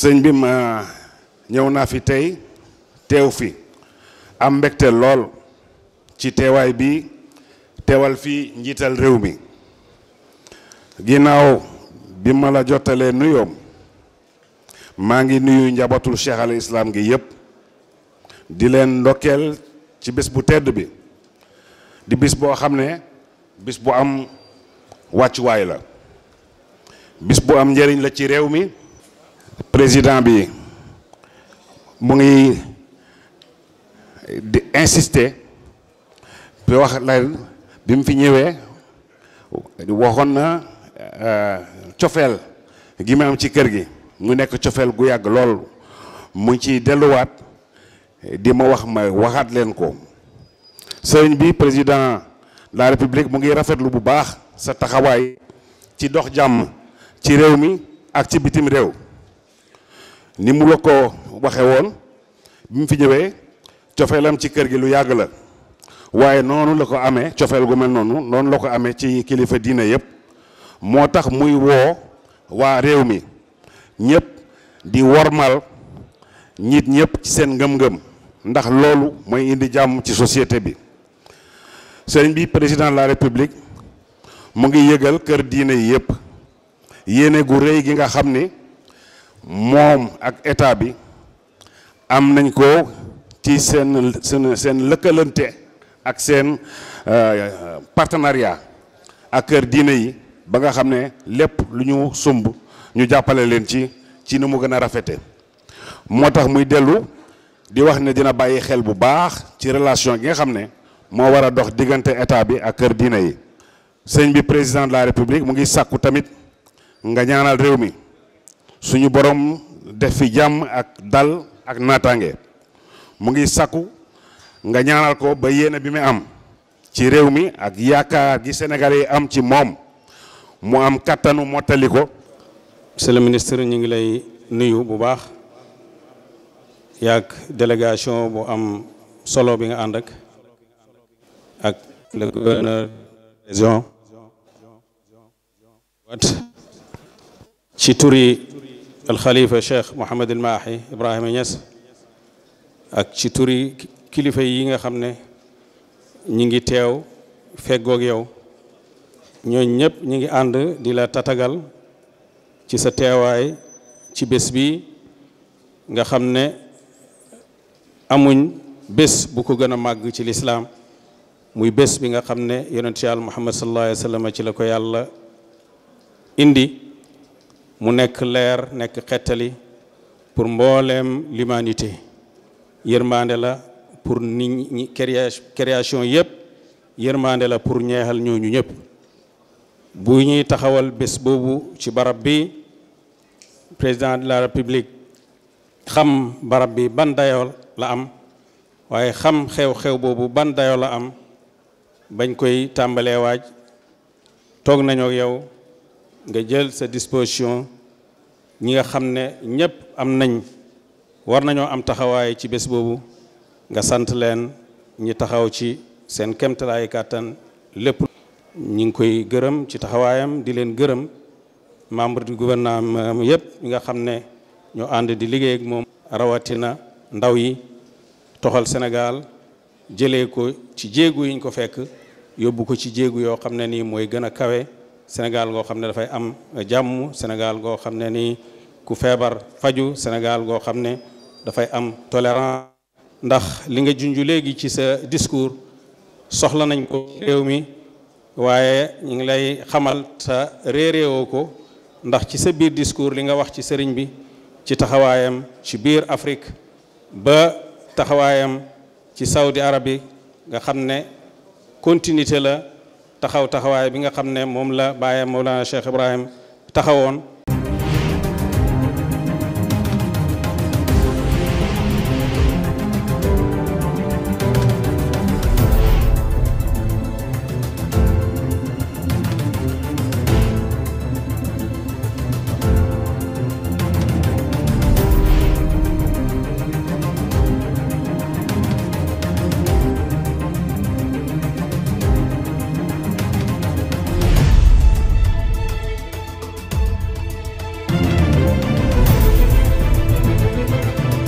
sëñ bi ma ñëw naa fi tey teew fi am mbégte lool ci teewaay bi teewal fi njiital réew mi ginnaaw bi ma la jottalee nuyoom maa ngi nuyu njabootul cheikh al islam gi yëpp di leen ndokkeel ci bis bu tedd bi di bis boo xam ne bis bu am wàccuwaay la bis bu am njëriñ la ci réew mi président bi mu ngi di insister bi wax la bi mu fi ñëwé di waxon na euh cofeel gi ma am ci kër gi mu nekk cofeel gu yag lool mu ci wat di ma wax ma waxat len ko sëriñ bi président de la république mu ngi rafetlu bu baax sa taxaway ci dox jam ci réew mi ak ci bitim réew ni mu la ko waxe woon bi mu fi ñëwee cofeelam ci kër gi lu yàgg la waaye noonu la ko amee cofeel gu mel noonu noonu la ko amee ci kilifa diina yëpp moo tax muy woo waa réew mi ñëpp di wormal nit ñëpp ci seen ngëm-ngëm ndax loolu mooy indi jàmm ci société bi sëriñ bi président la république mu ngi yëgal kër diina yi yëpp yéene gu rëy gi nga xam ni moom ak état bi am nañ ko ci seen seen seen lëkkalante ak seen euh, partenariat ak kër diine yi ba nga xam ne lépp lu ñu sumb ñu jàppale leen ci ci ni mu gën a rafete moo tax muy dellu di wax ne dina bàyyi xel bu baax ci relation gi nga xam ne moo war a dox diggante état bi ak kër diine yi sëñ bi président de la république mu ngi sàkku tamit nga ñaanal réew mi suñu borom def fi jàmm ak dal ak naataange mu ngi sakku nga ñaanal ko ba yéene bi muy am ci réew mi ak yaakaar gi Sénégalais yi am ci moom mu am kattanu mottaliko ko. ministre ñu ngi lay nuyu bu baax yaag délégation bu am solo bi nga ànd ak ak le gouverneur région. ci turi alxalifa cheikh Mouhamed El Mahi Ibrahima Niass ak ci turi kilifa yi nga xam ne ñi ngi teew feggoog ànd di la tatagal ci sa teewaay ci bés bi nga xam amuñ bés bu ko gën a màgg ci lislaam muy bés bi nga xam ne Muhammad sallallahu alayhi wa ci la yàlla indi mu nekk leer nekk xettali pour mboolem l'humanité yërmande la pour nit ñi création yépp yërmande la pour ñeexal ñooñu ñëpp bu ñuy taxawal bés boobu ci barab bi président de la république xam barab bi ban dayoo la am waaye xam xew-xew boobu ban dayoo la am bañ koy tàmbalee waaj toog nañoo yow nga jël sa disposition ñi nga xam ne ñëpp am nañ war nañoo am taxawaay ci bés boobu nga sant leen ñi taxaw ci seen kemtalaayu kàttan lépp ñi ngi koy gërëm ci taxawaayam di leen gërëm membre du gouvernement yëpp ñi nga xam ne ñoo ànd di liggéey ak moom rawatina ndaw yi toxal senegal jëlee ko ci jéegu yiñ ko fekk yóbbu ko ci jéegu yoo xam ne nii mooy gën a kawe Sénégal goo xam ne dafay am jàmm Sénégal goo xam ne nii ku feebar faju Sénégal goo xam ne dafay am tolérance ndax li nga junj léegi ci sa discours soxla nañ ko réew mi waaye ñu ngi lay xamal sa réeréewoo ko ndax ci sa biir discours li nga wax ci sëriñ bi ci taxawaayam ci biir Afrique ba taxawaayam ci Saudi Arabie nga xam ne continuité la taxaw taxawaay bi nga xam ne moom la bàyyam Mawlana Cheikh Ibrahim taxawoon